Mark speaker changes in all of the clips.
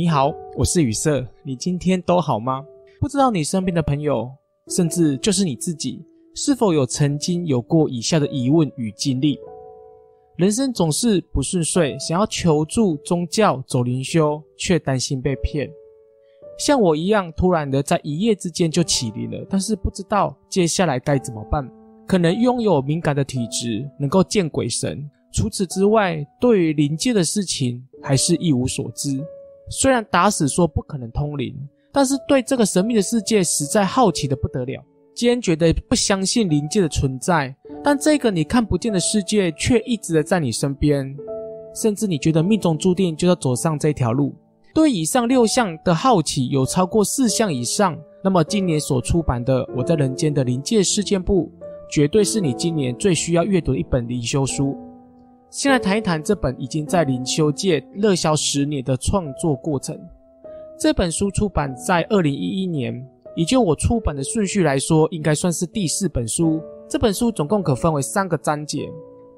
Speaker 1: 你好，我是宇色。你今天都好嗎？不知道你身邊的朋友，甚至就是你自己，是否有曾經有過以下的疑問與經歷？人生總是不順遂，想要求助宗教走靈修，卻擔心被騙。像我一樣，突然的在一夜之間就起靈了，但是不知道接下來該怎麼辦。可能擁有敏感的體質，能夠見鬼神。除此之外，對於靈界的事情還是一無所知。雖然打死說不可能通靈，但是對這個神秘的世界實在好奇的不得了。堅決的不相信靈界的存在，但這個你看不見的世界卻一直的在你身邊，甚至你覺得命中注定就要走上這條路。對以上六項的好奇有超過四項以上，那麼今年所出版的《我在人間的靈界事件簿》，絕對是你今年最需要閱讀的一本靈修書。先來談一談這本已經在靈修界熱銷十年的創作過程。這本書出版在二零一一年，也就我出版的順序來說，應該算是第四本書。這本書總共可分為三個章節。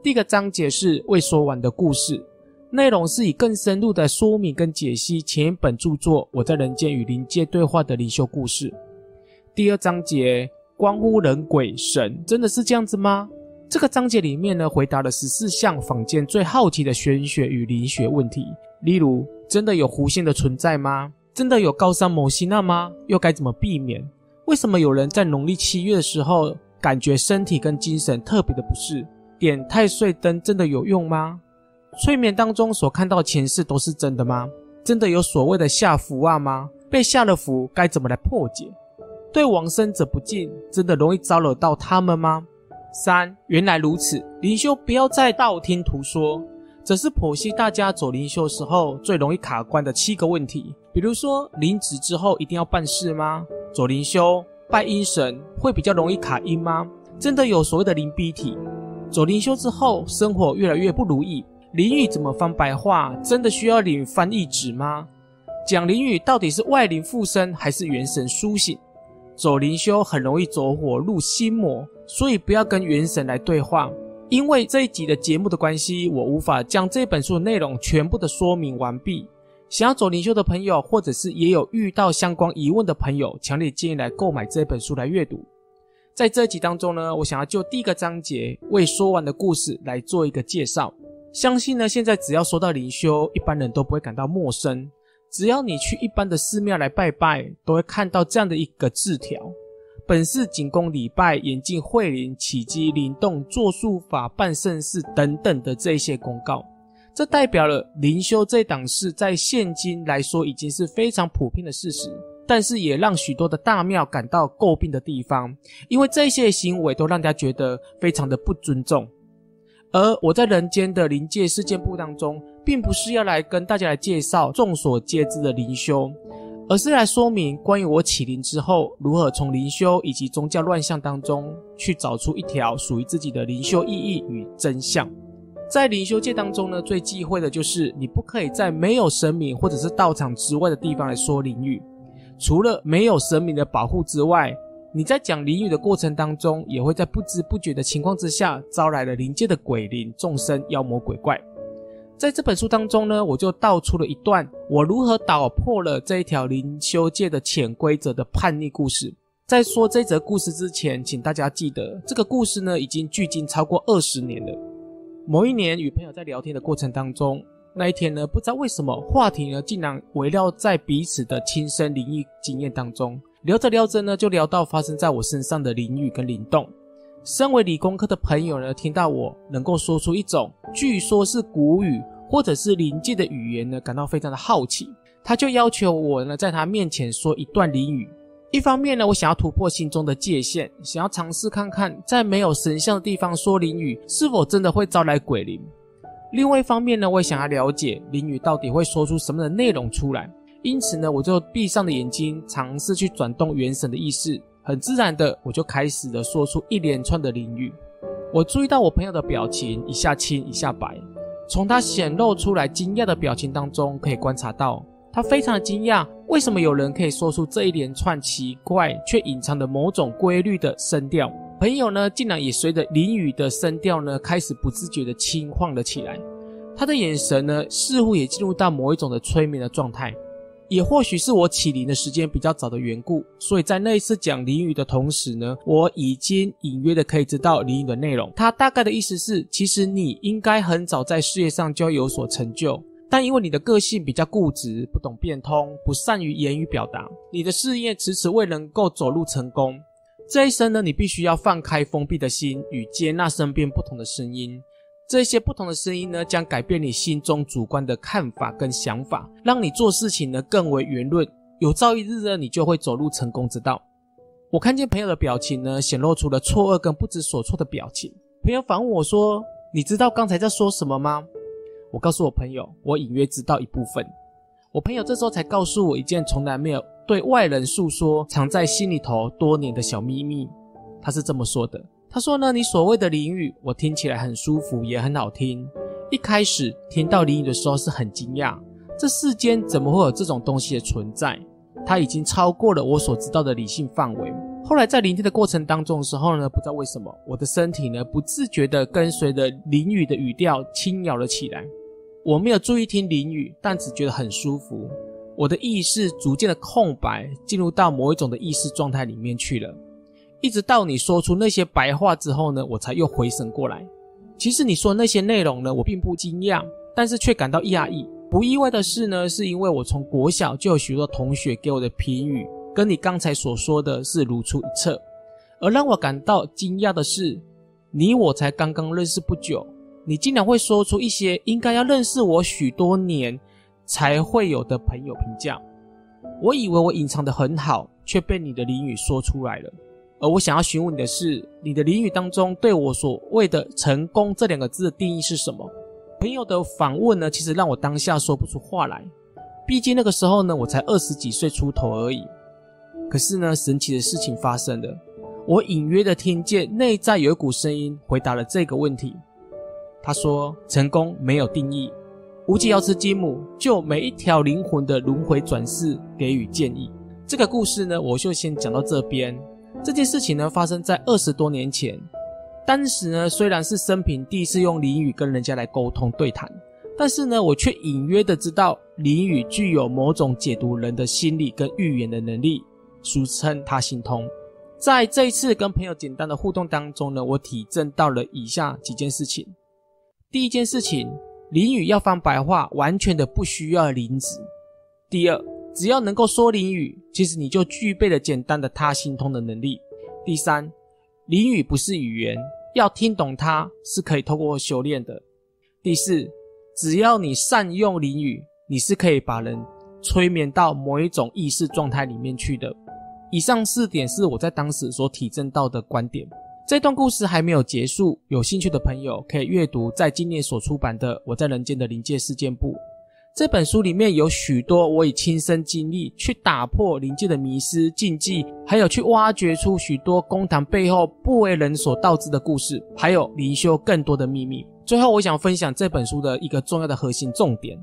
Speaker 1: 第一個章節是未說完的故事，內容是以更深入的說明跟解析前一本著作《我在人間與靈界對話》的靈修故事。第二章節關乎人鬼神，真的是這樣子嗎？這個章節裡面呢，回答了十四項坊間最好奇的玄學與靈學問題，例如：真的有狐仙的存在嗎？真的有高山摩西娜嗎？又該怎麼避免？為什麼有人在農曆七月的時候感覺身體跟精神特別的不適？點太歲燈真的有用嗎？睡眠當中所看到前世都是真的嗎？真的有所謂的下符啊嗎？被下了符該怎麼來破解？對往生者不敬，真的容易招惹到他們嗎？三，原來如此，靈修不要再道聽途說，這是剖析大家走靈修時候最容易卡關的七個問題。比如說，領旨之後一定要辦事嗎？走靈修拜陰神會比較容易卡陰嗎？真的有所謂的靈逼體？走靈修之後生活越來越不如意，靈語怎麼翻白話？真的需要領翻譯旨嗎？講靈語到底是外靈附身還是元神甦醒？走靈修很容易走火入心魔，所以不要跟元神來對話。因為這一集的節目的關係，我無法將這本書的內容全部的說明完畢。想要走靈修的朋友，或者是也有遇到相關疑問的朋友，強烈建議來購買這本書來閱讀。在這集當中呢，我想要就第一個章節未說完的故事來做一個介紹。相信呢，現在只要說到靈修，一般人都不會感到陌生。只要你去一般的寺廟來拜拜，都會看到這樣的一個字條：“本寺僅供禮拜，嚴禁會靈、起乩、靈動、做術法、辦聖事等等的這些公告。”這代表了靈修這檔事在現今來說已經是非常普遍的事實，但是也讓許多的大廟感到詬病的地方，因為這些行為都讓大家覺得非常的不尊重。而我在人間的靈界事件簿當中。並不是要來跟大家來介紹眾所皆知的靈修，而是來說明關於我啟靈之後如何從靈修以及宗教亂象當中去找出一條屬於自己的靈修意義與真相。在靈修界當中呢，最忌諱的就是你不可以在沒有神明或者是道場之外的地方來說靈語。除了沒有神明的保護之外，你在講靈語的過程當中，也會在不知不覺的情況之下招來了靈界的鬼靈、眾生、妖魔鬼怪。在這本書當中呢，我就道出了一段我如何打破了這一條靈修界的潛規則的叛逆故事。在說這則故事之前，請大家記得，這個故事呢已經距今超過二十年了。某一年與朋友在聊天的過程當中，那一天呢不知道為什麼話題呢竟然圍繞在彼此的親身靈異經驗當中，聊着聊着呢就聊到發生在我身上的靈語跟靈動。身為理工科的朋友呢，聽到我能夠說出一種據說是古語，或者是靈界的語言呢，感到非常的好奇，他就要求我呢在他面前說一段靈語。一方面呢，我想要突破心中的界限，想要嘗試看看在沒有神像的地方說靈語是否真的會招來鬼靈；另外一方面呢，我也想要了解靈語到底會說出什麼的內容出來。因此呢，我就閉上了眼睛，嘗試去轉動元神的意識。很自然的，我就開始了說出一連串的靈語。我注意到我朋友的表情一下青一下白。從他顯露出來驚訝的表情當中，可以觀察到他非常的驚訝，為什麼有人可以說出這一連串奇怪卻隱藏著某種規律的聲調？朋友呢，竟然也隨着靈語的聲調呢，開始不自覺的輕晃了起來，他的眼神呢，似乎也進入到某一種的催眠的狀態。也或許是我起靈的時間比較早的緣故，所以在那一次講靈語的同時呢，我已經隱約的可以知道靈語的內容。它大概的意思是，其實你應該很早在事業上就要有所成就，但因為你的個性比較固執，不懂變通，不善於言語表達，你的事業遲遲未能夠走入成功。這一生呢，你必須要放開封閉的心，與接納身邊不同的聲音。這些不同的聲音呢，將改變你心中主觀的看法跟想法，讓你做事情呢更為圓潤。有朝一日呢，你就會走入成功之道。我看見朋友的表情呢，顯露出了錯愕跟不知所措的表情。朋友反問我說：“你知道剛才在說什麼嗎？”我告訴我朋友，我隱約知道一部分。我朋友這時候才告訴我一件從來沒有對外人訴說、藏在心裡頭多年的小秘密。他是這麼說的。他說呢，你所謂的淋雨，我聽起來很舒服，也很好聽。一開始聽到淋雨的時候是很驚訝，這世間怎麼會有這種東西的存在？它已經超過了我所知道的理性範圍。後來在聆聽的過程當中的時候呢，不知道為什麼，我的身體呢不自覺地跟隨着淋雨的語調輕搖了起來。我沒有注意聽淋雨，但只覺得很舒服。我的意識逐漸的空白，進入到某一種的意識狀態裡面去了。一直到你說出那些白話之後呢，我才又回神過來。其實你說的那些內容呢，我並不驚訝，但是卻感到壓抑。不意外的是呢，是因為我從國小就有許多同學給我的評語，跟你剛才所說的是如出一轍。而讓我感到驚訝的是，你我才剛剛認識不久，你竟然會說出一些應該要認識我許多年才會有的朋友評價。我以為我隱藏得很好，卻被你的靈語說出來了。而我想要詢問你的是，你的靈語當中對我所謂的“成功”這兩個字的定義是什麼？朋友的訪問呢，其實讓我當下說不出話來。畢竟那個時候呢，我才二十幾歲出頭而已。可是呢，神奇的事情發生了，我隱約的聽見內在有一股聲音回答了這個問題。他說：“成功沒有定義，無極瑤池金母就每一條靈魂的輪迴轉世給予建議。”這個故事呢，我就先講到這邊。這件事情呢，發生在二十多年前。當時呢，雖然是生平第一次用靈語跟人家來溝通對談，但是呢，我卻隱約的知道靈語具有某種解讀人的心理跟預言的能力，俗稱他心通。在這一次跟朋友簡單的互動當中呢，我體證到了以下幾件事情。第一件事情，靈語要翻白話，完全的不需要靈字。第二。只要能夠說靈語，其實你就具備了簡單的他心通的能力。第三，靈語不是語言，要聽懂它是可以通過修煉的。第四，只要你善用靈語，你是可以把人催眠到某一種意識狀態裡面去的。以上四點是我在當時所體證到的觀點。這段故事還沒有結束，有興趣的朋友可以閱讀在今年所出版的《我在人間的靈界事件簿》。這本書裡面有許多我以親身經歷去打破靈界的迷思禁忌，還有去挖掘出許多公堂背後不為人所道之的故事，還有靈修更多的秘密。最後，我想分享這本書的一個重要的核心重點：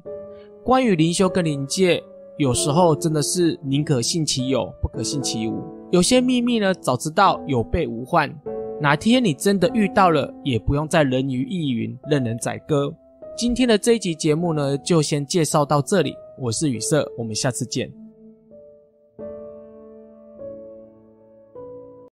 Speaker 1: 關於靈修跟靈界，有時候真的是寧可信其有，不可信其無。有些秘密呢，早知道有備無患，哪天你真的遇到了，也不用再人云亦云，任人宰割。今天的這一集節目呢，就先介紹到這裡。我是宇色，我們下次見。